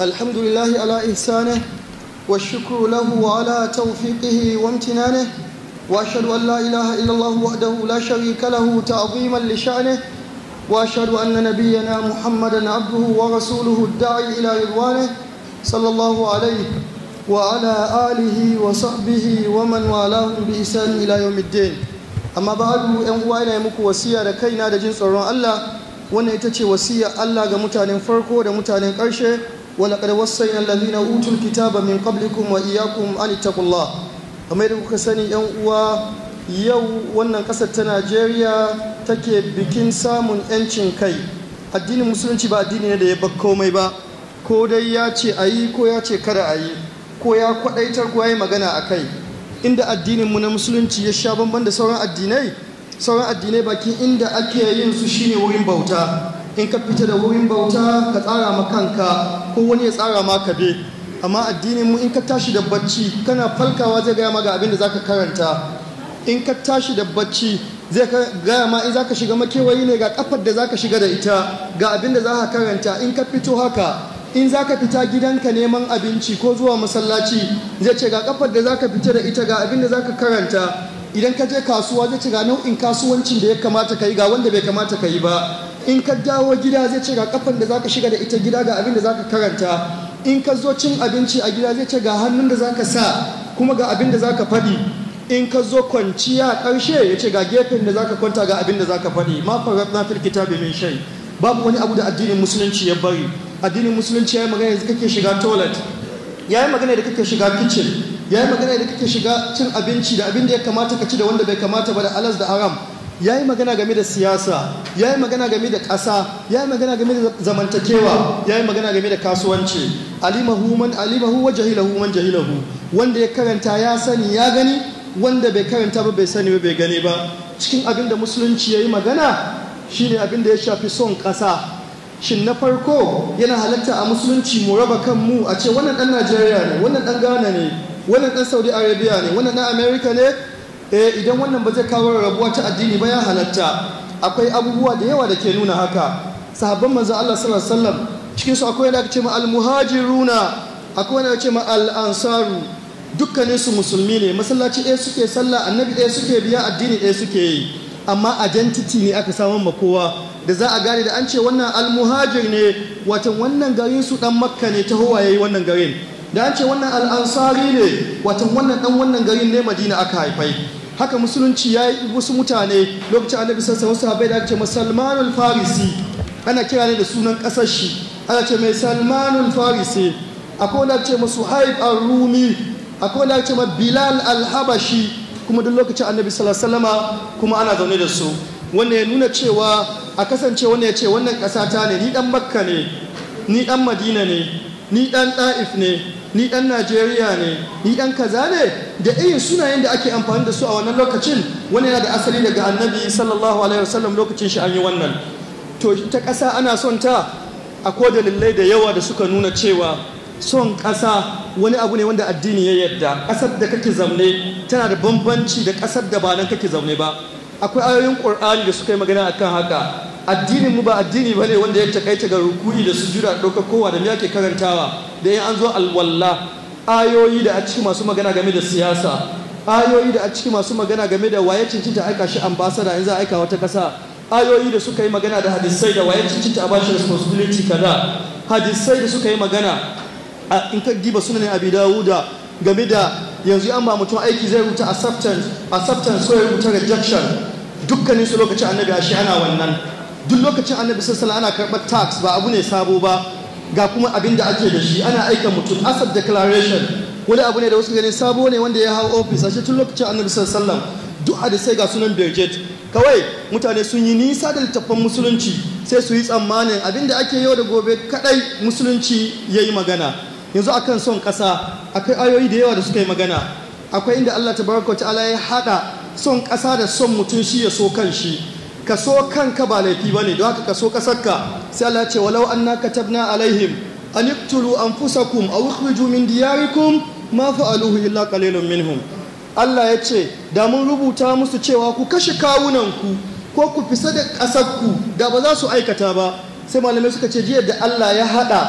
الحمد لله على إحسانه والشكر له على توفيقه وامتنانه وأشهد أن لا إله إلا الله وحده لا شريك له تعظيما لشأنه وأشهد أن نبينا محمدا عبده ورسوله الداعي إلى رضوانه صلى الله عليه وعلى آله وصحبه ومن والاهم بإحسان إلى يوم الدين أما بعد أن وأنا muku wasiya da kaina da jin tsoron Allah wannan ita ce wasiya Allah ga mutanen farko da mutanen ƙarshe ولقد وصينا الذين اوتوا الكتاب min قبلكم wa ان an الله kamar da kuka sani yan uwa yau wannan ƙasar ta Najeriya take bikin samun yancin kai addinin musulunci ba addini ne da ya bar komai ba ko dai ya ce a yi ko ya ce kada a yi ko ya kwaɗaitar ko ya yi magana a kai inda addinin na musulunci ya sha bamban da sauran addinai sauran addinai bakin inda ake yin su shine wurin bauta in ka fita da wurin bauta ka tsara ma kanka ko wani ya tsara ma ka be amma addinin mu in ka tashi da bacci kana falkawa zai gaya ma ga abin da zaka karanta in ka tashi da bacci zai gaya ma in zaka shiga makewayi ne ga kafar da zaka shiga da ita ga abin da zaka karanta in ka fito haka in zaka fita gidanka neman abinci ko zuwa masallaci zai ce ga kafar da zaka fita da ita ga abin da zaka karanta idan ka je kasuwa zai ce ga nau'in kasuwancin da ya kamata ka yi ga wanda bai kamata ka yi ba in ka dawo gida zai ce ga kafan da zaka shiga da ita gida ga abin da zaka karanta in ka zo cin abinci a gida zai ce ga hannun da zaka sa kuma ga abin da zaka faɗi in ka zo kwanciya ƙarshe ya ce ga gefen da zaka kwanta ga abin da zaka faɗi ma farabna fil kitabi min shay babu wani abu da addinin musulunci ya bari addinin musulunci ya yi magana da kake shiga toilet ya yi magana da kake shiga kitchen ya yi magana da kake shiga cin abinci da abin da ya kamata ka ci da wanda bai kamata ba da alas da haram ya yi magana game da siyasa ya yi magana game da ƙasa ya yi magana game da zamantakewa ya yi magana game da kasuwanci alimahu wa jahilahu man jahilahu wanda ya karanta ya sani ya gani wanda bai karanta ba bai sani ba bai gani ba cikin abin da musulunci ya yi magana shine abin da ya shafi son ƙasa shin na farko yana halatta a musulunci mu raba kanmu a ce wannan ɗan najeriya ne wannan ɗan ghana ne wannan ɗan saudi arabia ne wannan ɗan america ne eh idan wannan ba zai kawo rabuwa ta addini ba ya halatta akwai abubuwa da yawa da ke nuna haka sahabban manzo Allah sallallahu alaihi wasallam cikin su akwai wanda ake cewa al-muhajiruna akwai wanda ake cewa al-ansaru dukkanin su musulmi ne masallaci ɗaya suke sallah annabi ɗaya suke biya addini ɗaya suke yi amma identity ne aka samu ma kowa da za a gane da an ce wannan al-muhajir ne watan wannan garin su dan makka ne ta howa yayi wannan garin da an ce wannan al'ansari ne watan wannan dan wannan garin ne madina aka haifai haka musulunci ya yi wasu mutane lokacin annabi sassan wasu haɓe da ya ce musalmanul farisi ana kira ne da sunan ƙasar shi ana ce mai salmanul farisi akwai wanda ce masu haif al-rumi akwai wanda ce ma bilal alhabashi habashi kuma duk lokacin annabi sallallahu kuma ana zaune da su wanda ya nuna cewa a kasance wanda ya ce wannan ƙasa ta ne ni dan makka ne ni dan madina ne ni ɗan ɗa'if ne ni ɗan najeriya ne ni ɗan kaza ne da irin sunayen da ake amfani da su a wannan lokacin wani yana da asali daga annabi sallallahu alaihi wasallam lokacin shi an yi wannan to ta ƙasa ana son ta A dalilai da yawa da suka nuna cewa son ƙasa wani abu ne wanda addini ya yadda. ƙasar da kake zaune tana da bambanci da ƙasar da ba nan kake zaune ba akwai ayoyin ƙur'ani da suka yi magana akan haka addinin mu ba addini ba ne wanda ya takaita ga rukuni da sujuda da ɗaukar kowa da me karantawa da ya an zo alwallah ayoyi da a ciki masu magana game da siyasa ayoyi da a ciki masu magana game da waye cincinta aika shi ambasada in za a aika wata ƙasa ayoyi da suka yi magana da hadisai da waye cincinta a bashi responsibility kaza hadisai da suka yi magana a in ka diba sunan abi dawuda game da yanzu an ba mutum aiki zai rubuta acceptance acceptance so ya rubuta rejection dukkanin su lokacin annabi a shi ana wannan duk lokacin annabi sallallahu ana karɓar tax ba abu ne sabo ba ga kuma abin da ake da shi ana aika mutum asad declaration wani abu ne da wasu ganin sabo ne wanda ya hau ofis a tun lokacin annabi sallallahu duk a da sai ga sunan birjet kawai mutane sun yi nisa da littattafan musulunci sai su yi tsammanin abin da ake yau da gobe kadai musulunci ya yi magana yanzu akan son ƙasa akwai ayoyi da yawa da suka yi magana akwai inda allah ta tabaraka ta'ala ya haɗa son ƙasa da son mutum shi ya so kan shi ka so kanka ba laifi ba ne don haka ka so kasarka sai Allah ya ce walau anna katabna alaihim an iqtulu anfusakum aw ikhriju min diyarikum ma fa'aluhu illa qalilun minhum Allah ya ce da mun rubuta musu cewa ku kashe kawunanku ko ku fisa da ƙasarku da ba za su aikata ba sai malamai suka ce jiya da Allah ya haɗa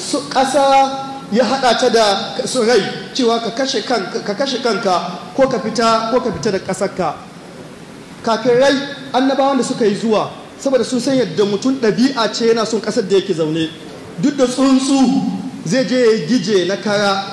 su ƙasa ya haɗa ta da su rai cewa ka kashe kanka ko ka fita ko ka fita da ƙasarka kafin rai annabawan da suka yi zuwa saboda sun san yadda mutum ɗabi'a ce yana son ƙasar da yake zaune duk da tsuntsu zai je ya gije na kara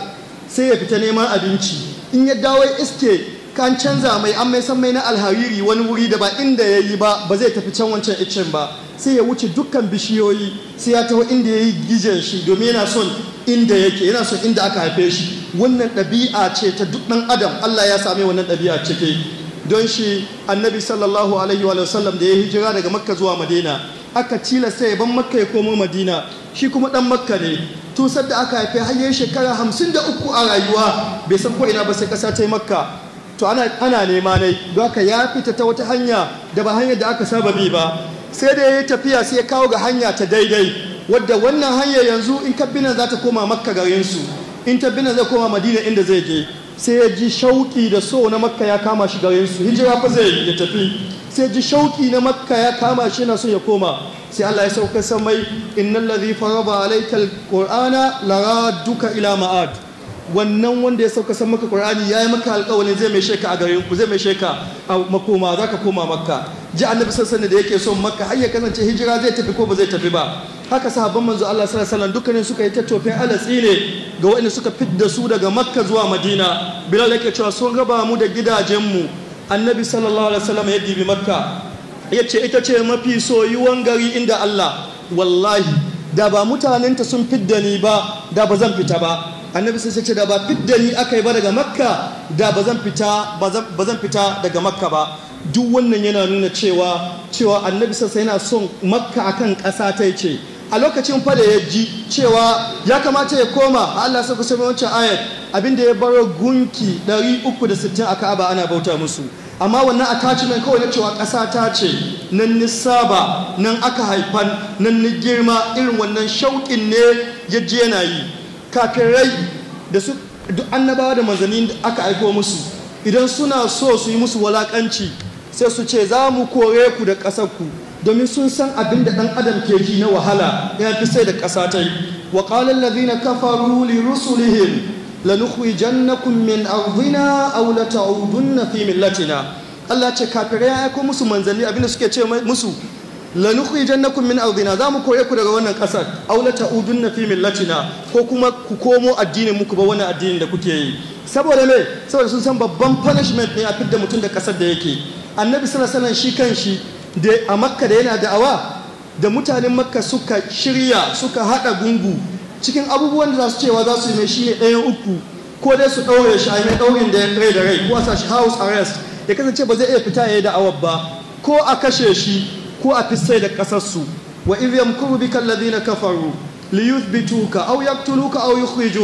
sai ya fita neman abinci in ya dawo iske kan canza mai an mai san mai na alhariri wani wuri da ba inda ya yi ba ba zai tafi can wancan iccen ba sai ya wuce dukkan bishiyoyi sai ya taho inda ya yi gijen shi domin yana son inda yake yana son inda aka haife shi wannan ɗabi'a ce ta duk ɗan adam allah ya same wannan ɗabi'a cike don shi annabi sallallahu alaihi wa sallam da ya hijira daga makka zuwa madina aka tilasta ya ban makka ya komo madina shi kuma dan makka ne tusar da aka haife har shekara hamsin da uku a rayuwa bai san ko ina ba sai kasa ta makka to ana nema ne don haka ya fita ta wata hanya da ba hanyar da aka saba bi ba sai da yayi tafiya sai ya kawo ga hanya ta daidai wadda wannan hanya yanzu in kabbinan za ta koma makka garinsu in tabbina zai koma madina inda zai je sai ya ji shauƙi da so na makka ya kama shi gare su hijira fa zai ya tafi sai ji shauƙi na makka ya kama shi na so ya koma sai Allah ya sauka samai innal ladhi faraba alayka alqur'ana laraduka ila ma'ad wannan wanda ya sauka san maka qur'ani yayi maka alƙawarin zai mai sheka a gare ku zai mai sheka a makoma zaka koma makka ji annabi sallallahu alaihi da yake son makka har ya kasance hijira zai tafi ko ba zai tafi ba haka sahabban manzo Allah sallallahu alaihi wasallam dukkanin suka yi tattofin tofin alatsi ne ga waɗanda suka fidda su daga Makka zuwa Madina Bilal yake cewa sun raba mu da gidajenmu Annabi sallallahu alaihi wasallam ya dibi Makka yace ita ce mafi soyuwan gari inda Allah wallahi da ba mutanenta sun fidda ni ba da ba zan fita ba annabi sai ce da ba fidda ni aka yi ba daga makka da ba zan fita ba fita daga makka ba duk wannan yana nuna cewa cewa annabi sai yana son makka akan ƙasa ta ce a lokacin fa da ya ji cewa ya kamata ya koma a Allah sai ku sami wancan ayat abinda ya baro gunki 360 a Ka'aba ana bauta musu amma wannan attachment kawai na cewa ƙasa ta ce nan ni saba nan aka haifan nan ni girma irin wannan shauƙin ne ya ji yana yi rai da su duk annabawa da manzanni da aka aiko musu idan suna so su yi musu walaƙanci sai su ce za mu kore ku da ƙasar ku domin sun san abin da ɗan adam ke ji na wahala ya fi sai da ƙasa ta yi wa ƙalar lazina kafaru li rusulihim lanukhrijannakum min ardina aw na fi millatina Allah ce kafirai ya aiko musu manzanni da suke ce musu lanukhrijannakum min ardina za mu koye ku daga wannan kasar aw la ta'udunna fi millatina ko kuma ku komo addinin muku ba wannan addinin da kuke yi saboda me saboda sun san babban punishment ne a fidda mutum da ƙasar da yake annabi sallallahu alaihi wasallam shi kanshi a makka da yana da'awa da mutanen makka suka shirya suka hada gungu cikin abubuwan da za su cewa za su yi mai shi ne ɗayan uku ko dai su ɗaure shi a yi mai ɗaurin da ya rai da rai ko a house arrest ya kasance ba zai iya fita ya yi da'awar ba ko a kashe shi ko a fisai da ƙasarsu wa idh yamkuru bika alladhina kafaru ka aw yaqtuluka aw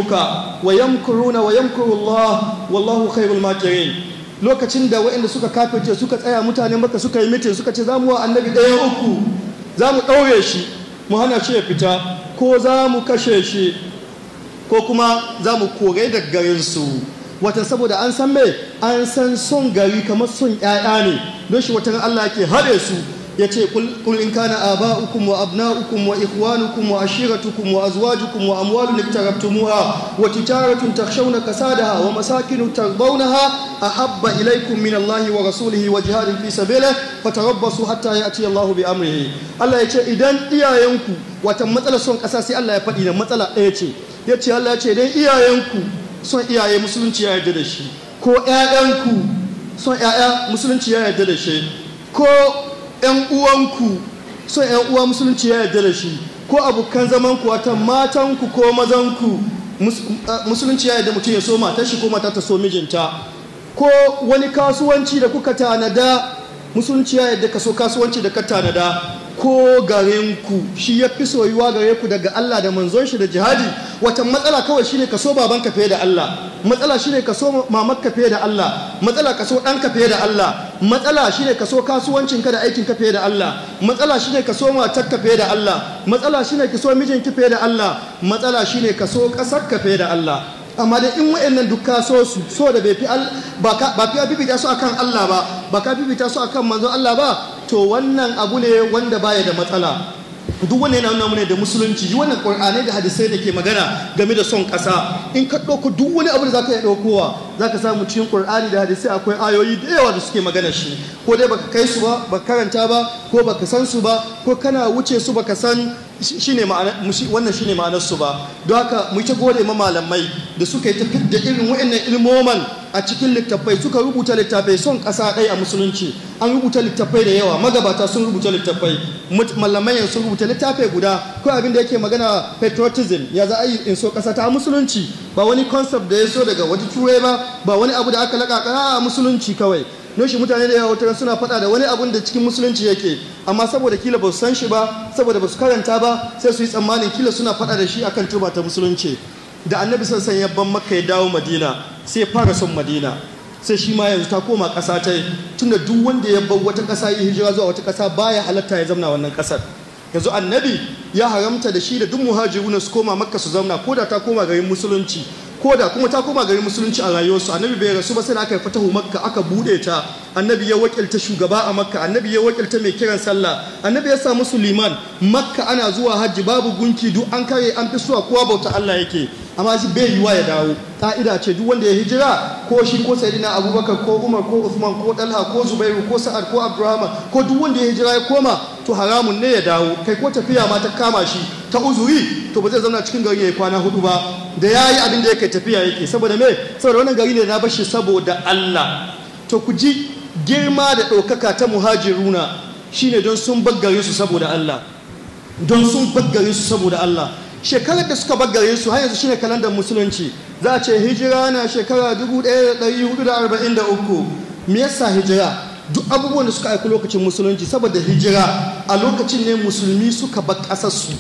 ka wa yamkuruna wa yamkuru Allah wallahu khairul makirin lokacin da waɗanda suka kafirce suka tsaya mutane maka suka yi mitin suka ce za mu wa annabi ɗaya uku za mu ɗaure shi mu hana shi ya fita ko za mu kashe shi ko kuma za mu kore da garinsu wata saboda an san mai an san son gari kamar son 'ya'ya ne don shi watan Allah ke haɗe su yace kul in kana aba'ukum wa abna'ukum wa ikhwanukum wa ashiratukum wa azwajukum wa amwalun iktarabtumuha wa tijaratun da ha wa masakin tardawnaha ahabba ilaykum min Allahi wa rasulihi wa jihadin fi rabba su hatta ya'ti Allahu bi amrihi Allah ce idan iyayenku wata matsala son kasa sai Allah ya faɗi na matsala ɗaya ce ce Allah ce idan iyayenku son iyaye musulunci ya yarda da shi ko ƴaƴanku son ƴaƴa musulunci ya yarda da shi ko 'yan uwanku son 'yan uwa musulunci ya yarda da shi ko abokan zaman ku wata matanku ko mazanku eh, musulunci ya yarda mutum ya so matar shi ko mata ta so mijinta ko wani kasuwanci da kuka tanada musulunci ya yarda ka so kasuwanci da ka tanada ko garinku shi ya fi soyuwa gare ku daga Allah da manzon shi da jihadi wata matsala kawai shine ka so baban ka da Allah matsala shine ka so mamak ka da Allah matsala ka so dan ka da Allah matsala shine ka so kasuwancin ka da aikin ka da Allah matsala shine ka so matar ka da Allah matsala shine ka so mijin ki da Allah matsala shine ka so kasar ka da Allah amma da in wa'annan dukka so su so da bai fi ba ka bibita su akan Allah ba ba ka bibita su akan manzon Allah ba to wannan abu ne wanda ba ya da matsala duk wanda yana nuna da musulunci yi wannan ƙur'anai da hadisai da ke magana game da son ƙasa in ka ɗauko duk wani abu da za ka iya ɗaukowa za ka samu cikin ƙur'ani da hadisai akwai ayoyi da yawa da suke magana shi ko dai baka kai su ba baka karanta ba ko baka san su ba ko kana wuce su baka san wannan shine ma'anar su ba don haka mu ta gode ma malamai da suka yi ta da irin wa'annan ilmoman a cikin littattafai suka rubuta littattafai son kasa ɗaya a musulunci an rubuta littattafai da yawa magabata sun rubuta littattafai malamai sun rubuta littattafai guda ko abin da yake magana patriotism ya za a yi in so kasa ta musulunci ba wani concept da ya so daga wata turai ba ba wani abu da aka laƙaƙa a musulunci kawai noshi mutane da yawa wata suna faɗa da wani abun da cikin musulunci yake amma saboda kila ba su san shi ba saboda ba su karanta ba sai su yi tsammanin kila suna faɗa da shi akan turba ta musulunci da annabi sassan ya ban maka ya dawo madina sai fara son madina sai shi ma yanzu ta koma ƙasa ta yi tunda duk wanda ya bar wata ƙasa yi hijira zuwa wata ƙasa baya halatta ya zamna wannan ƙasar yanzu annabi ya haramta da shi da duk muhajiruna su koma makka su zamna ko da ta koma garin musulunci ko da kuma ta koma garin musulunci a rayuwarsu annabi bai rasu ba sai da aka yi fatahu makka aka bude ta annabi ya wakilta shugaba a makka annabi ya wakilta mai kiran sallah annabi ya sa musu makka ana zuwa hajji babu gunki duk an kare an fi suwa kowa bauta Allah yake amma shi bai yiwa ya dawo ka'ida ce duk wanda ya hijira ko shi ko sayidina abubakar ko umar ko usman ko dalha ko zubairu ko sa'ad ko abdurrahman ko duk wanda ya hijira ya koma to haramun ne ya dawo kai ko tafiya ma ta kama shi ta uzuri to ba zai zauna cikin gari ya yi kwana hudu ba da ya yi abin da kai tafiya yake saboda me saboda wannan gari ne na bashi saboda Allah to ku ji girma da ɗaukaka ta muhajiruna shine don sun baggare su saboda Allah don sun baggare su saboda Allah shekarar da suka baggare su har yanzu shine kalandar musulunci za a ce hijira na shekara 1443 me yasa hijira duk abubuwan da suka aiki lokacin musulunci saboda hijira a lokacin ne musulmi suka bar ƙasar su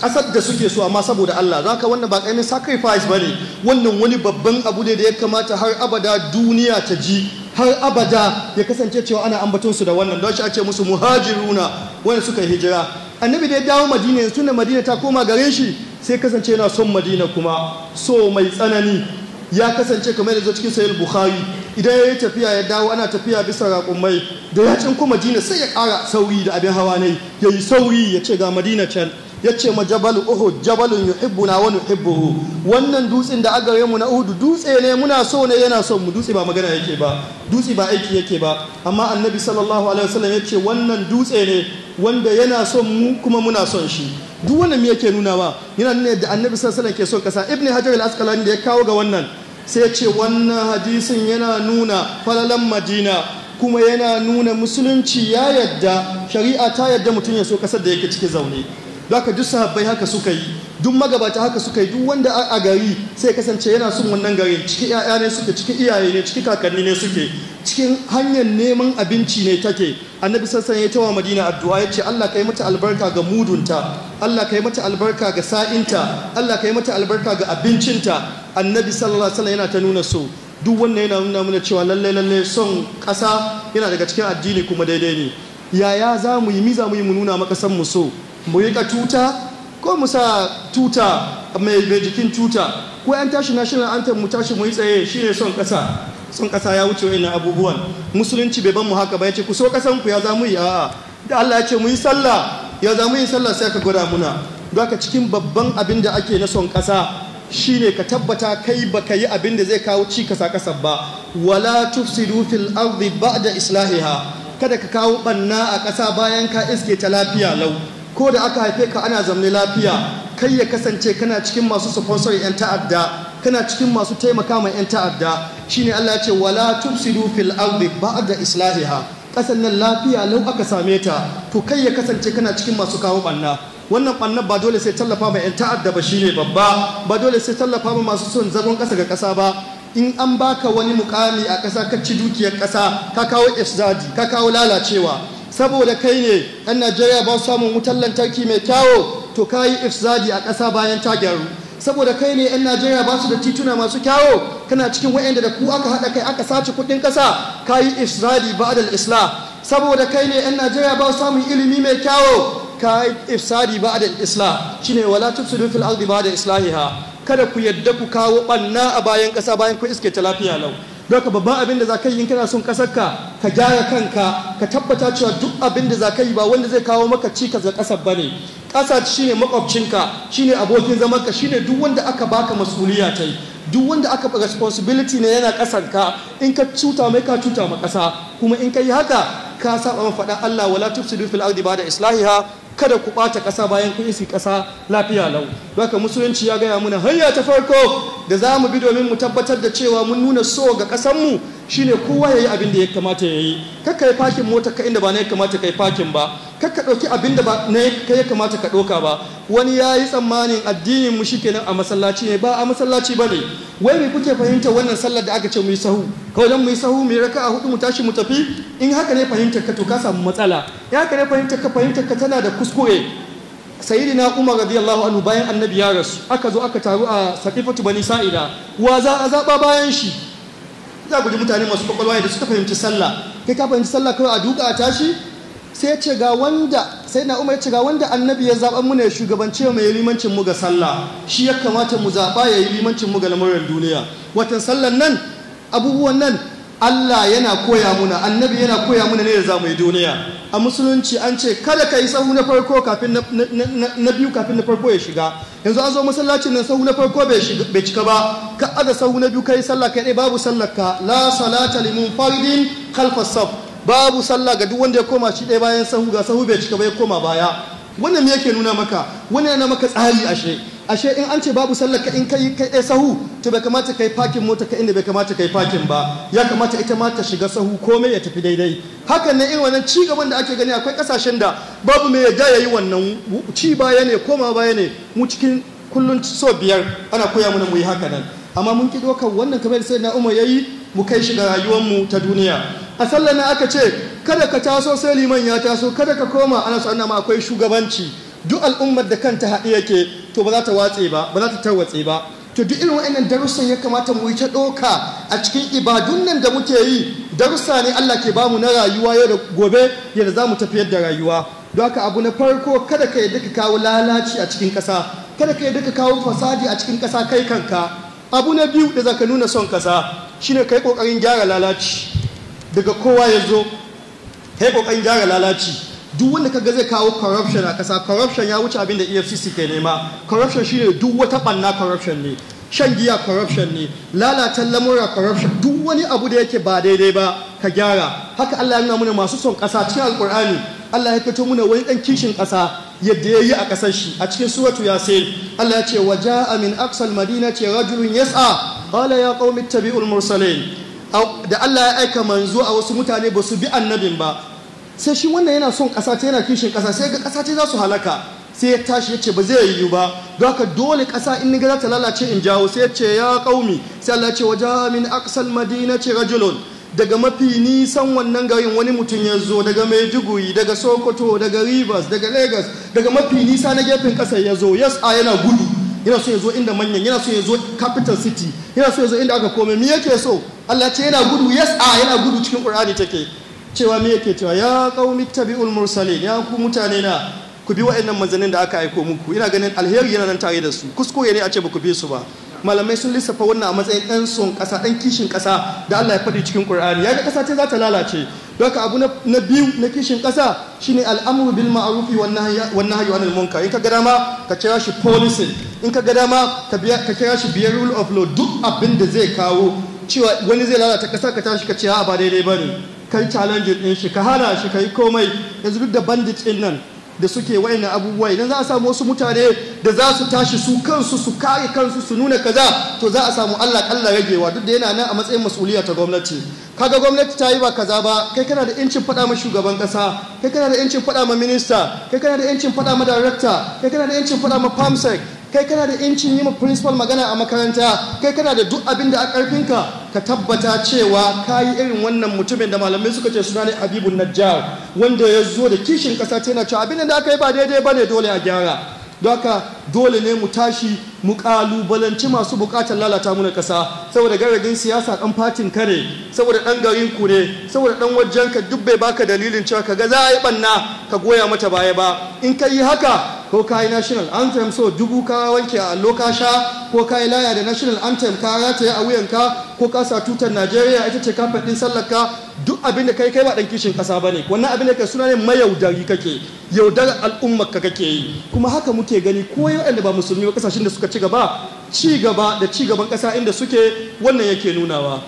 ƙasar da suke so amma saboda Allah za ka wannan ba ƙaimin sacrifice ba ne wannan wani babban abu ne da ya kamata har abada duniya ta ji har abada ya kasance cewa ana ambaton su da wannan don shi ake musu muhajiruna wanda suka hijira annabi da ya dawo madina yanzu da madina ta koma gare shi sai kasance yana son madina kuma so mai tsanani ya kasance kamar da cikin sayil bukhari idan ya yi tafiya ya dawo ana tafiya bisa raƙumai da ya ko madina sai ya ƙara sauri da abin hawa ne ya yi sauri ya ce ga madina can ya ce ma jabal uhud jabalun na wa nuhibbuhu wannan dutsen da aka yi mu na uhud dutse ne muna so ne yana son mu dutse ba magana yake ba dutse ba aiki yake ba amma annabi sallallahu alaihi wasallam ya ce wannan dutse ne wanda yana son mu kuma muna son shi duk wannan me yake nuna ba yana nuna da annabi sallallahu alaihi wasallam ke son kasa ibnu hajar al-asqalani da ya kawo ga wannan sai ce wannan hadisin yana nuna falalan madina kuma yana nuna musulunci ya yadda shari'a ta yadda mutum ya so kasar da yake ciki zaune zaka duk sahabbai haka suka yi duk magabata haka suka yi duk wanda a gari sai kasance yana son wannan garin cikin 'ya'ya ne suke cikin iyaye ne cikin kakanni ne suke cikin hanyar neman abinci ne take annabi sassan ya tawa madina addu'a ya ce allah ka yi mata albarka ga mudunta allah ka yi mata albarka ga sa'inta allah ka yi mata albarka ga abincinta annabi sallallahu alaihi yana ta nuna so duk wannan yana nuna mana cewa lalle lalle son kasa yana daga cikin addini kuma daidai ne yaya za mu yi za mu yi mu nuna maka san mu so mu rika tuta ko mu sa tuta mai jikin tuta ko yan tashi national anthem mu tashi mu yi tsaye shi ne son ƙasa son ƙasa ya wuce wa'in abubuwan musulunci bai ban mu haka ba ya ce ku so kasan ku ya za mu yi a'a da Allah ya ce mu yi sallah ya za mu yi sallah sai ka gwada muna don haka cikin babban abin da ake na son ƙasa ne ka tabbata kai ba ka yi abin da zai kawo ci kasa kasa ba wala tufsidu fil ardi ba'da islahiha kada ka kawo banna a ƙasa bayan ka iske ta lafiya lau ko da aka haife ka ana zamne lafiya kai ya kasance kana cikin masu sponsor 'yan ta'adda kana cikin masu taimaka ma 'yan ta'adda shine Allah ya ce wala tufsidu fil ardi ba'da islahiha kasan nan lafiya lau aka same ta to kai ya kasance kana cikin masu kawo banna wannan bannan ba dole sai tallafa ma 'yan ta'adda ba shine babba ba dole sai tallafa ma masu son zagon kasa ga kasa ba in an baka wani mukami a kasa ka ci dukiyar ƙasa ka kawo ifzadi ka kawo lalacewa saboda kai ne 'yan najeriya ba su samun wutar lantarki mai kyawo to ka yi ifzadi a ƙasa bayan ta gyaru saboda kai ne 'yan najeriya ba su da tituna masu kyawo kana cikin wa'anda da ku aka haɗa kai aka sace kuɗin ƙasa ka yi ba adal isla saboda kai ne 'yan najeriya ba su samun ilimi mai kyawo ka yi ifsadi adal isla shine wala tufsidu fil ardi ba'da islahiha kada ku yadda ku kawo ɓanna a bayan ƙasa bayan ku iske ta lafiya lau doka babban abin da za ka in kana son kasar ka ka gyara kanka ka tabbata cewa duk abin da za ka yi ba wanda zai kawo maka cikas ga kasar ba ne ƙasa maƙwabcinka shi shine abokin zamanka shine duk wanda aka baka masuliya ta yi duk wanda aka responsibility ne yana ka in ka cuta mai ka cuta ma ƙasa kuma in ka yi haka ka saba mafaɗa Allah wala tufsidu fil ardi ba'da islahiha kada ku ɓata ƙasa bayan ku isi ƙasa lafiya lau haka musulunci ya gaya muna hanya ta farko da za mu bi domin mu tabbatar da cewa mun nuna so ga ƙasanmu shine kowa ya yi abin da ya kamata ya yi. kakka yi fakin mota ka inda ba na ya kamata ka yi fakin ba kakka ɗauki abin da ba na ya kamata ka ɗauka ba wani ya yi tsammanin addinin mu shikenan a masallaci ne ba a masallaci ba ne wai me kuke fahimta wannan sallar da aka ce mu yi sahu kawai don mu sahu mu yi raka a hudu mu tashi mu tafi in haka ne fahimtar ka to ka samu matsala Ya haka ne fahimtar ka fahimtar ka tana da kuskure na umar radiyallahu anhu bayan annabi ya rasu aka zo aka taru a sakifatu bani sa'ida wa za a zaba bayan shi za ku ji mutane masu kwakwalwa da suka fahimci sallah kai ka fahimci sallah kawai a duka a tashi sai ya ce ga wanda sai na umar ya ce ga wanda annabi ya zaɓa mu ne shugabance mai limancin mu ga sallah shi ya kamata mu zaɓa ya yi limancin mu ga lamuran duniya watan sallan nan abubuwan nan Allah yana koya muna annabi yana koya muna ne da za mu yi duniya a musulunci an ce kada ka yi sahu na farko kafin na biyu kafin na farko ya shiga yanzu an zo masallacin nan sahu na farko bai cika ba ka aza sahu na biyu ka yi sallah kai babu sallar ka la salata limun faridin khalfas babu sallah ga duk wanda ya koma shi ɗaya bayan sahu ga sahu bai cika ba ya koma baya wannan me yake nuna maka wannan yana maka tsari ashe ashe in an ce babu sallar ka in kai kai dai eh, sahu to bai kamata kai fakin mota ka inda bai kamata kai fakin ba ya kamata ita ma ta shiga sahu komai ya tafi daidai hakan ne irin wannan ci gaban da ake gani akwai kasashen da babu mai yadda yayi wannan ci baya ne koma baya ne mu cikin kullun so biyar ana koya mana mu yi haka nan amma mun ki dokar wannan kamar sai na Umar yayi mu kai shi rayuwar mu ta duniya a sallar na aka ce kada ka taso sai liman ya taso kada ka koma ana so ma akwai shugabanci duk al'ummar da kanta haɗe yake to ba za ta watse ba ba za ta tarwatse ba to duk irin wa'annan darussan ya kamata mu yi ta doka a cikin ibadun nan da muke yi darussa ne Allah ke bamu na rayuwa yau da gobe yadda za mu tafiyar da rayuwa don haka abu na farko kada ka yadda ka kawo lalaci a cikin ƙasa kada ka yadda ka kawo fasadi a cikin ƙasa kai kanka abu na biyu da za ka nuna son ƙasa shine kai kokarin gyara lalaci daga kowa ya zo kai kokarin gyara lalaci duk wanda kaga zai kawo corruption a kasa corruption ya wuce abin da efcc ke nema corruption shine duk wata banna corruption ne shan giya corruption ne lalatan lamura corruption duk wani abu da yake ba daidai ba ka gyara haka Allah ya nuna mana masu son kasa cikin alkur'ani Allah ya fito mana wani dan kishin kasa yadda ya yi a kasar shi a cikin suratu yasin Allah ya ce wa ja'a min madina ce rajulun yas'a ala ya qaumi ittabi'ul mursalin da Allah ya aika manzo a wasu mutane ba su bi annabin ba sai shi wannan yana son ƙasa ce yana kishin ƙasa sai ga ƙasa ce za su halaka sai ya tashi ya ce ba zai yiwu ba don haka dole ƙasa in ga za ta lalace in jawo sai ya ce ya ƙaumi sai Allah ce waje min aksal madina ce rajulun daga mafi nisan wannan garin wani mutum ya zo daga maiduguri daga sokoto daga rivers daga lagos daga mafi nisa na gefen ƙasar ya zo yas a yana gudu yana so ya zo inda manyan yana so ya zo capital city yana so ya zo inda aka kome me yake so Allah ce yana gudu yas a yana gudu cikin ƙur'ani take cewa me yake cewa ya qaumi tabi'ul mursalin ya ku mutane na ku bi wa'annan manzannin da aka aiko muku ina ganin alheri yana nan tare da su kuskure ne a ce ba ku bi su ba malamai sun lissafa wannan a matsayin ɗan son ƙasa ɗan kishin ƙasa da Allah ya faɗi cikin Ƙur'ani ya ga ƙasa ce za ta lalace don abu na biyu na kishin ƙasa shine al'amru bil ma'arufi wan nahyi anil munkar in ka ga dama ka kira shi policy in ka ga dama ka kira shi biyar rule of law duk abin da zai kawo cewa wani zai lalata ƙasa ka tashi ka ce a ba daidai bane kai challenge din shi ka hana shi kai komai yanzu duk da bandit din nan da suke wayan abubuwa idan za a samu wasu mutane da za su tashi su kansu su kare kansu su nuna kaza to za a samu Allah kalla ragewa duk da yana nan a matsayin masuliya ta gwamnati kaga gwamnati ta yi ba kaza ba kai kana da yancin faɗa ma shugaban ƙasa kai kana da yancin faɗa ma minista kai kana da yancin faɗa ma director kai kana da yancin faɗa ma famsec kai kana da yancin yi ma principal magana a makaranta kai kana da duk abin da a karfinka ka tabbata cewa ka yi irin wannan mutumin da malamai suka ce suna ne abibu najjar wanda ya zo da kishin kasa tana cewa abin da aka yi ba daidai ba ne dole a gyara haka dole ne mu tashi mu kalubalanci masu bukatar lalata muna kasa saboda garagin siyasa dan fatin kare saboda dan garin ku ne saboda dan wajen ka duk bai baka dalilin cewa ga za a yi banna ka goya mata baya ba in ka yi haka ko ka yi national anthem so dubu ka wanke a allo ka sha ko ka yi laya da national anthem ka rataye a wuyanka ko ka sa tutar najeriya ita ce kafin din sallar duk abin da kai kai ba dan kishin kasa bane wannan abin da kai suna ne mayaudari kake yaudar al'ummar ka kake yi kuma haka muke gani ko waɗanda ba musulmi ba kasashen da suka ci gaba ci gaba da ci gaban kasa inda suke wannan yake nunawa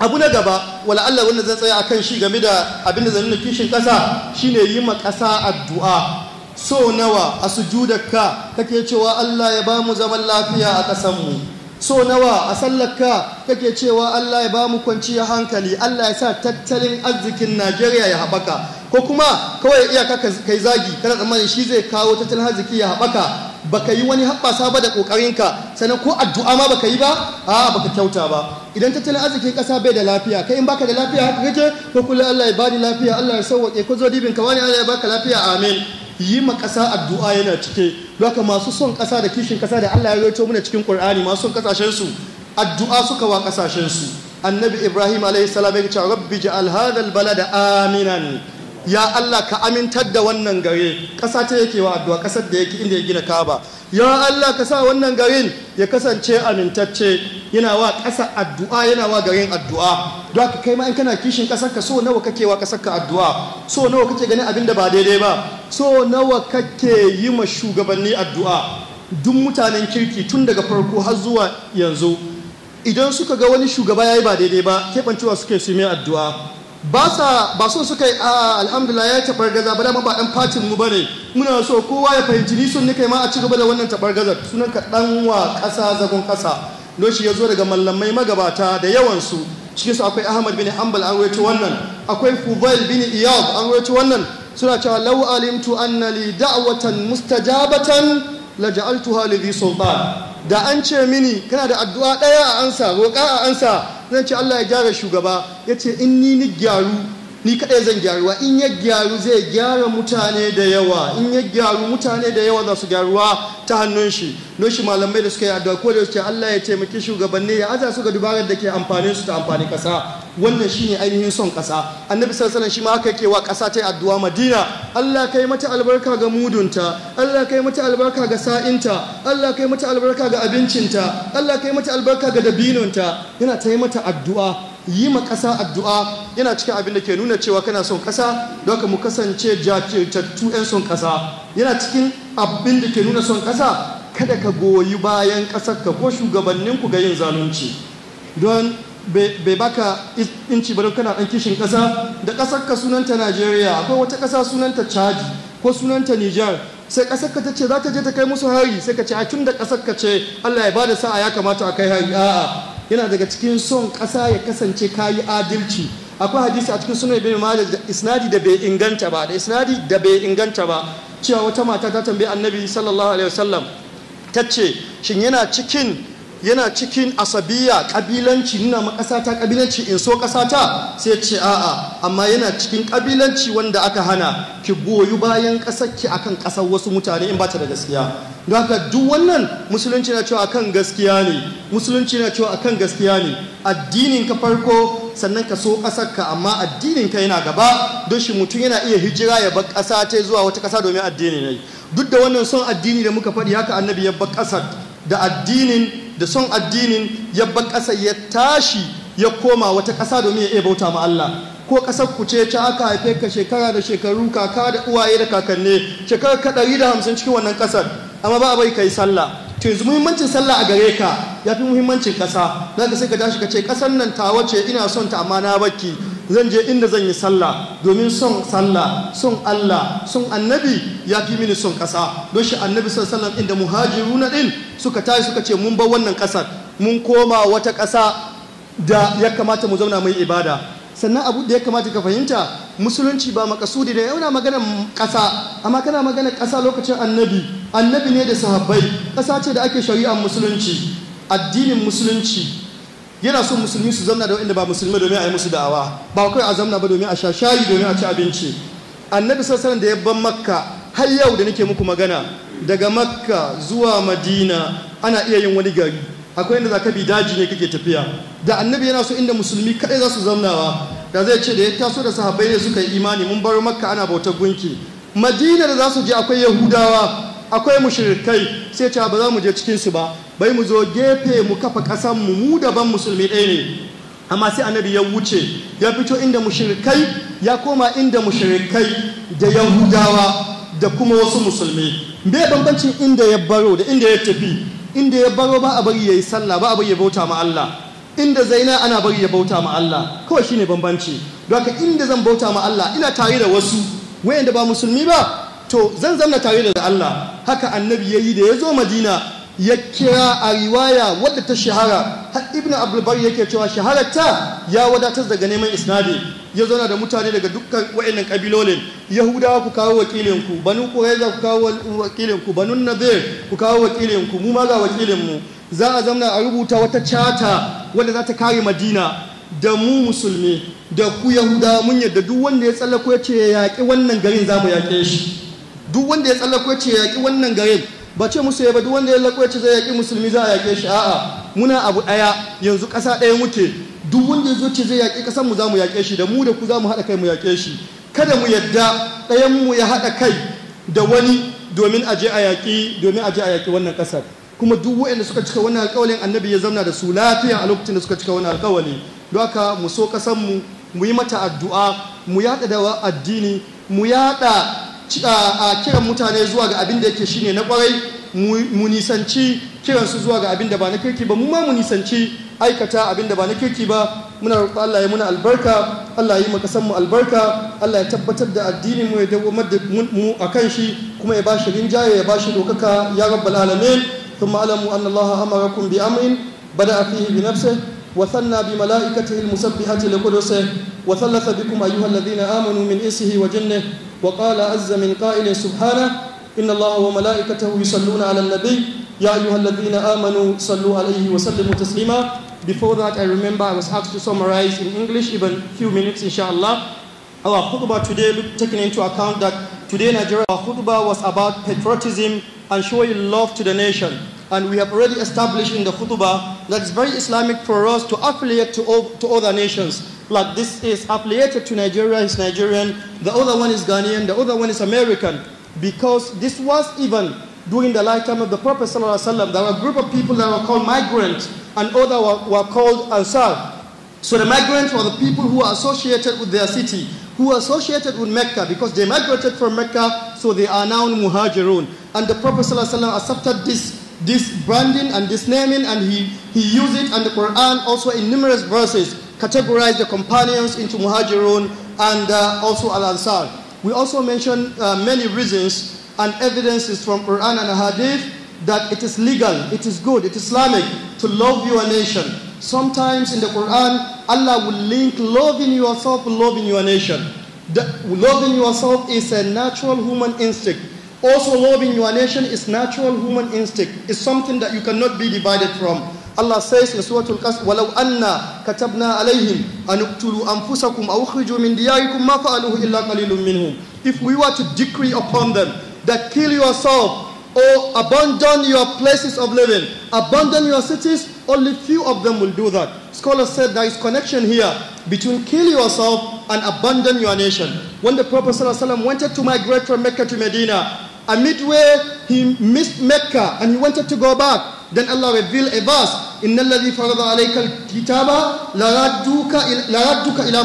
abu na gaba wala Allah wanda zai tsaya akan shi game da abin da zanin kishin kasa shine yi ma kasa addu'a so nawa a sujudarka kake cewa Allah ya bamu zaman lafiya a kasan mu so nawa a sallarka kake cewa Allah ya ba mu kwanciyar hankali Allah ya sa tattalin arzikin Najeriya ya haɓaka ko kuma kawai iyaka ka yi zagi kana tsammanin shi zai kawo tattalin arziki ya haɓaka baka yi wani haɓasa ba da ƙoƙarinka sannan ko addu'a ma baka yi ba a baka kyauta ba idan tattalin arzikin ƙasa bai da lafiya kai in baka da lafiya haka kake ko kullum Allah ya bani lafiya Allah ya sauwaƙe ko zo dibin ka wani Allah ya baka lafiya amin yi ma ƙasa addu'a yana cike haka masu son ƙasa da kishin ƙasa da Allah ya rawaito mana cikin Qur'ani masu son ƙasashen su addu'a suka wa ƙasashen su annabi Ibrahim alayhi salam ya ce rabbi ja'al hadha balada aminan ya Allah ka amintar da wannan gare ƙasa ta yake wa addu'a ƙasar da yake inda ya gina kaba ya Allah ka sa wannan garin ya kasance amintacce yana wa ƙasa addu'a yana wa garin addu'a don haka kai ma in kana kishin ƙasar ka so nawa kake wa ƙasar ka addu'a so nawa kake ganin abin da ba daidai ba so nawa kake yi ma shugabanni addu'a duk mutanen kirki tun daga farko har zuwa yanzu idan suka ga wani shugaba ya yi ba daidai ba keɓancewa suke su mai addu'a ba sa ba so suka yi a alhamdulillah ya tabar gaza ba dama ba dan fatin mu bane muna so kowa ya fahimci ni sun nake ma a ci gaba da wannan tabar gaza sunan ka dan wa kasa zagon kasa don shi ya zo daga mallamai magabata da yawansu. su cikin su akwai Ahmad bin Hanbal an wuce wannan akwai fubal bin iyab an wuce wannan suna cewa law alimtu anna li da'watan mustajabatan la ja'altuha li sultan da an ce mini kana da addu'a ɗaya a ansa roƙa a ansa zan ce Allah ya gyara shugaba ya ce in ni ni gyaru ni kaɗai zan gyaruwa in ya gyaru zai gyara mutane da yawa in ya gyaru mutane da yawa za su gyaruwa ta hannun shi don shi malamai da suka yi addu'a ko da suke Allah ya taimaki shugabanni ya aza su ga dubarar da ke amfani su ta amfani kasa wannan shine ainihin son kasa annabi sallallahu alaihi shi ma haka yake wa kasa ta addu'a madina Allah kai mata albarka ga mudunta Allah kai mata albarka ga sa'inta Allah kai mata albarka ga abincinta Allah kai mata albarka ga dabinonta yana ta mata addu'a yi ma ƙasa addu'a yana cikin abin da ke nuna cewa kana son ƙasa don ka mu kasance jajirtattu 'yan son ƙasa yana cikin abin da ke nuna son ƙasa kada ka goyi bayan ƙasar ka ko shugabanninku ga yin zalunci don bai baka inci ba don kana ɗan kishin ƙasa da ƙasar ka sunanta najeriya akwai wata ƙasa sunanta chad ko sunanta niger sai ƙasar ka ce za ta je ta kai musu hari sai ka ce a tun da ƙasar ka ce Allah ya bada sa'a ya kamata a kai hari a'a yana daga cikin son ƙasa ya kasance kayi adalci akwai hadisi a cikin sunan ibn majah da isnadi da bai inganta ba da isnadi da bai inganta ba cewa wata mata ta tambayi annabi sallallahu alaihi wasallam tace shin yana cikin yana cikin asabiya kabilanci nuna ma ta kabilanci in so ƙasa ta sai ce a'a amma yana cikin kabilanci wanda aka hana ki goyi bayan ƙasar ki akan ƙasar wasu mutane in ba ta da gaskiya haka duk wannan musulunci na cewa akan gaskiya ne musulunci na cewa akan gaskiya ne addinin ka farko sannan ka so ƙasar ka amma addinin ka yana gaba don shi mutum yana iya hijira ya bar ƙasa ta zuwa wata ƙasa domin addini ne duk da wannan son addini da muka faɗi haka annabi ya bar ƙasar da addinin da son addinin ya bar ƙasa ya tashi ya koma wata ƙasa domin ya iya bauta ma Allah ko ƙasar ku ce ta aka haife ka shekara da shekaru kaka da uwaye da kakanne shekarar ka ɗari da hamsin cikin wannan ƙasar amma ba a bai yi sallah to yanzu muhimmancin sallah a gare ka ya fi muhimmancin ƙasa za ka sai ka tashi ka ce ƙasar nan tawa ce ina son ta amma na bakki zan je inda zan yi sallah domin son sallah son Allah son annabi ya fi mini son kasa don shi annabi sallallahu alaihi inda muhajiruna din suka tashi suka ce mun bar wannan ƙasar mun koma wata kasa da ya kamata mu zauna mai ibada sannan abu da ya kamata ka fahimta musulunci ba makasudi da yana magana kasa amma kana magana ƙasa lokacin annabi annabi ne da sahabbai ƙasa ce da ake shari'ar musulunci addinin musulunci yana so musulmi su zamna da waɗanda ba musulmi domin a yi musu da'awa ba kawai a zamna ba domin a sha shayi domin a ci abinci annabi sassan da ya ban makka har yau da nake muku magana daga makka zuwa madina ana iya yin wani gari akwai inda za ka bi daji ne kake tafiya da annabi yana so inda musulmi kaɗai za su wa da zai ce da ya taso da sahabbai ne suka yi imani mun bar makka ana bautar gunki madina da za su je akwai yahudawa akwai mushirikai sai ce ba za mu je cikin su ba bai mu zo gefe mu kafa kasan mu mu daban musulmi ɗaya ne amma sai annabi ya wuce ya fito inda mushrikai ya koma inda mushrikai da yahudawa da kuma wasu musulmi me bambancin inda ya baro da inda ya tafi inda ya baro ba a bari yayi sallah ba a bari ya bauta ma Allah inda zaina ana bari ya bauta ma Allah kawai shine bambanci don inda zan bauta ma Allah ina tare da wasu wayanda ba musulmi ba to zan zanna tare da Allah haka annabi yayi da ya zo Madina ya kira a riwaya wadda ta shahara har ibn abdulbar yake cewa shahararta ya wadatar daga neman isnadi ya zauna da mutane daga dukkan wa'annan kabilolin yahudawa ku kawo wakilinku banu quraiza ku kawo wakilinku banu nadir ku kawo wakilinku mu ma ga wakilinmu za a zamna a rubuta wata cata wadda za ta kare madina da mu musulmi da ku yahudawa mun yadda duk wanda ya tsallako ya yaƙi wannan garin za mu yaƙe shi duk wanda ya tsallako ya ce ya yaƙi wannan garin ba ce musu ya ba duk wanda ya lakwai ce zai yaƙi musulmi za a yaƙe shi a'a muna abu ɗaya yanzu ƙasa ɗaya muke duk wanda ya zo ce zai yaƙi ƙasar mu za mu yaƙe shi da mu da ku za mu haɗa kai mu yaƙe shi kada mu yadda ɗayan mu ya haɗa kai da wani domin a je a yaƙi domin a je a yaƙi wannan ƙasar kuma duk wayanda suka cika wannan alƙawalin annabi ya zauna da su lafiya a lokacin da suka cika wannan alƙawali don haka mu so ƙasar mu mu yi mata addu'a mu yaɗa da addini mu yaɗa a kiran mutane zuwa ga abin da yake shine na kwarai mu nisanci kiran su zuwa ga abin da ba na kirki ba mu ma mu nisanci aikata abin da ba na kirki ba muna roƙo Allah ya muna albarka Allah ya yi makasan mu albarka Allah ya tabbatar da addinin mu ya dawamar da mu akan shi kuma ya ba bashi rinjaye ya ba shi dokaka ya rabbal alamin thumma alamu anna Allah amarakum bi amin bada fihi bi nafsihi وثنى بملائكته المسبحة لقدسه وثلث بكم أيها الذين آمنوا من إسه وجنه وقال عز من قائل سبحانه إن الله وملائكته يصلون على النبي يا أيها الذين آمنوا صلوا عليه وسلموا تسليما Before that, I remember I was asked to summarize in English, even few minutes, inshallah. Our khutbah today, taking into account that today Nigeria, our khutbah was about patriotism and showing love to the nation. And we have already established in the khutbah that it's very Islamic for us to affiliate to, all, to other nations. Like this is affiliated to Nigeria, is Nigerian, the other one is Ghanaian, the other one is American. Because this was even during the lifetime of the Prophet ﷺ, there were a group of people that were called migrants and other were, were called Ansar. So the migrants were the people who were associated with their city, who were associated with Mecca because they migrated from Mecca, so they are now Muhajirun. And the Prophet ﷺ accepted this, this branding and this naming and he, he used it and the Quran also in numerous verses categorized the companions into Muhajirun and uh, also Al-Ansar. We also mentioned uh, many reasons and evidences from Quran and Hadith that it is legal, it is good, it is Islamic to love your nation. Sometimes in the Quran, Allah will link loving yourself with loving your nation. The, loving yourself is a natural human instinct. Also loving your nation is natural human instinct. It's something that you cannot be divided from. Allah says in Surah Al-Qasr, وَلَوْ أَنَّا كَتَبْنَا عَلَيْهِمْ أَنْ amfusa أَنفُسَكُمْ أَوْ اُخْرِجُوا مِنْ دِيَارِكُمْ مَا فَعَلُوهُ إِلَّا قَلِيلٌ مِّنْهُمْ If we were to decree upon them that kill yourself or abandon your places of living, abandon your cities, only few of them will do that. Scholars said there is connection here between kill yourself and abandon your nation. When the Prophet ﷺ wanted to migrate from Mecca to Medina, and midway he missed Mecca and he wanted to go back. Then Allah revealed a verse إن الذي فرض عليك الكتاب لردوك لردوك إلى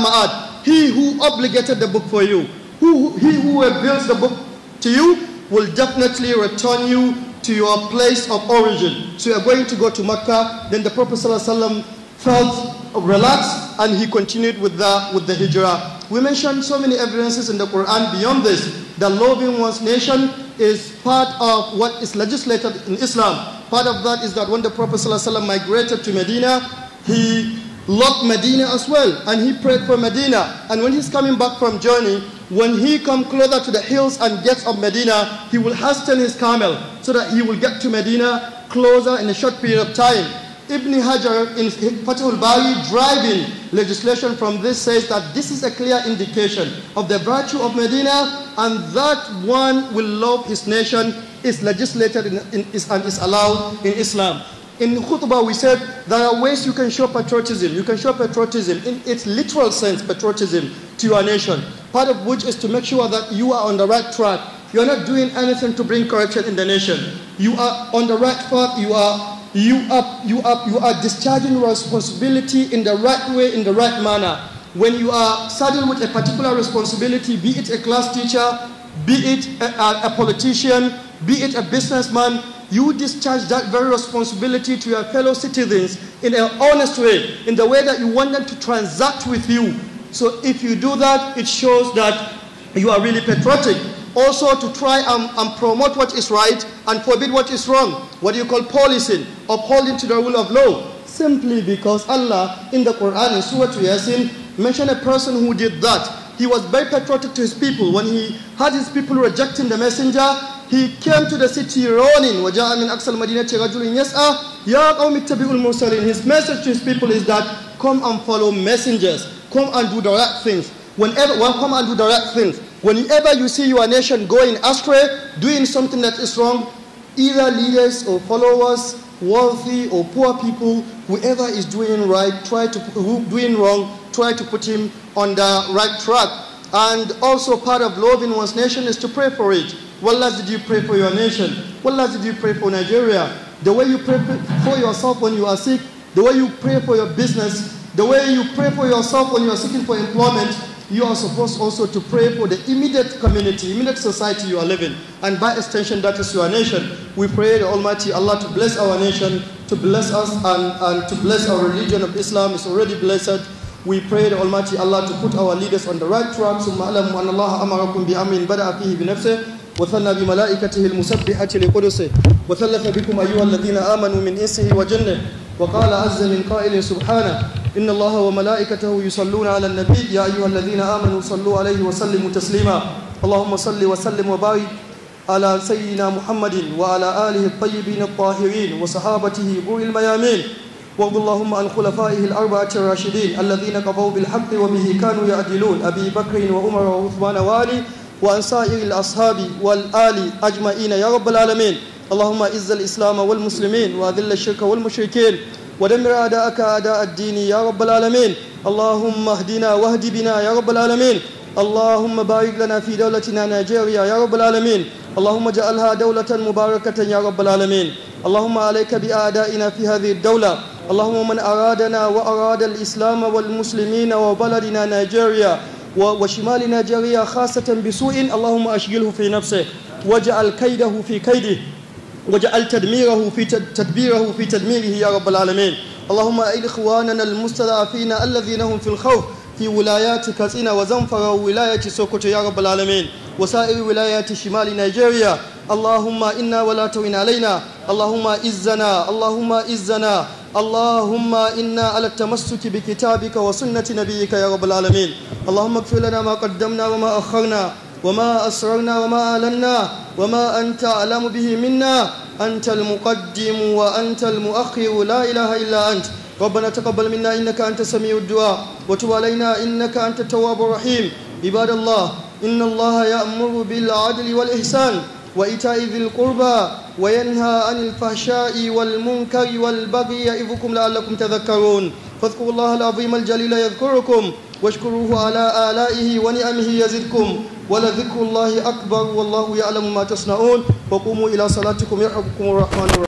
He who obligated the book for you, who, he who reveals the book to you, will definitely return you to your place of origin. So you are going to go to Mecca. Then the Prophet ﷺ felt relaxed and he continued with the, with the hijrah. We mentioned so many evidences in the Quran beyond this. The loving one's nation is part of what is legislated in Islam. Part of that is that when the Prophet ﷺ migrated to Medina, he loved Medina as well, and he prayed for Medina. And when he's coming back from journey, when he come closer to the hills and gets of Medina, he will hasten his camel so that he will get to Medina closer in a short period of time. Ibn Hajar in Fatihul Bari driving legislation from this says that this is a clear indication of the virtue of Medina and that one will love his nation is legislated in, in, is, and is allowed in Islam. In khutbah we said there are ways you can show patriotism. You can show patriotism in its literal sense, patriotism to your nation. Part of which is to make sure that you are on the right track. You are not doing anything to bring corruption in the nation. You are on the right path. You are you are, you are, you are discharging responsibility in the right way, in the right manner. When you are saddled with a particular responsibility, be it a class teacher, be it a, a, a politician, be it a businessman, you discharge that very responsibility to your fellow citizens in an honest way, in the way that you want them to transact with you. So if you do that, it shows that you are really patriotic also to try and, and, promote what is right and forbid what is wrong, what do you call policing, upholding to the rule of law, simply because Allah in the Quran in Surah Yasin mentioned a person who did that. He was very patriotic to his people. When he had his people rejecting the messenger, he came to the city running. His message to his people is that come and follow messengers, come and do the right things. Whenever, one come and do the right things. Whenever you see your nation going astray, doing something that is wrong, either leaders or followers, wealthy or poor people, whoever is doing right, try to who doing wrong, try to put him on the right track. And also part of loving one's nation is to pray for it. What last did you pray for your nation? What last did you pray for Nigeria? The way you pray for yourself when you are sick, the way you pray for your business, the way you pray for yourself when you are seeking for employment, you are supposed also to pray for the immediate community, immediate society you are living, and by extension, that is your nation. We pray the Almighty Allah to bless our nation, to bless us, and, and to bless our religion of Islam is already blessed. We pray the Almighty Allah to put our leaders on the right track. ثم أعلموا أن الله أمركم بأمر بدأ فيه بنفسه وثنى بملائكته المسبحة لقدسه وثلث بكم أيها الذين آمنوا من إنسه وجنه وقال عز من قائل سبحانه إن الله وملائكته يصلون على النبي يا أيها الذين آمنوا صلوا عليه وسلموا تسليما اللهم صل وسلم وبارك على سيدنا محمد وعلى آله الطيبين الطاهرين وصحابته بور الميامين وارض اللهم عن خلفائه الأربعة الراشدين الذين قضوا بالحق وبه كانوا يعدلون أبي بكر وعمر وعثمان وعلي وعن سائر الأصحاب والآل أجمعين يا رب العالمين اللهم إز الإسلام والمسلمين وأذل الشرك والمشركين ودمر أعداءك أعداء الدين يا رب العالمين اللهم اهدنا واهد بنا يا رب العالمين اللهم بارك لنا في دولتنا نيجيريا يا رب العالمين اللهم اجعلها دولة مباركة يا رب العالمين اللهم عليك بأعدائنا في هذه الدولة اللهم من أرادنا وأراد الإسلام والمسلمين وبلدنا نيجيريا وشمال نيجيريا خاصة بسوء اللهم أشغله في نفسه واجعل كيده في كيده وجعل تدميره في تدبيره في تدميره يا رب العالمين اللهم أيد إخواننا المستضعفين الذين هم في الخوف في ولايات كاسينا وزنفر ولاية سوكوتو يا رب العالمين وسائر ولايات شمال نيجيريا اللهم إنا ولا تعن علينا اللهم إزنا اللهم إزنا اللهم إنا على التمسك بكتابك وسنة نبيك يا رب العالمين اللهم اغفر لنا ما قدمنا وما أخرنا وما أسررنا وما أعلنا وما أنت أعلم به منا أنت المقدم وأنت المؤخر لا إله إلا أنت ربنا تقبل منا إنك أنت سميع الدعاء وتب علينا إنك أنت التواب الرحيم عباد الله إن الله يأمر بالعدل والإحسان وإيتاء ذي القربى وينهى عن الفحشاء والمنكر والبغي يعظكم لعلكم تذكرون فاذكروا الله العظيم الجليل يذكركم واشكروه على آلائه ونعمه يزدكم ولذكر الله أكبر والله يعلم ما تصنعون وقوموا إلى صلاتكم يرحمكم الرحمن الرحيم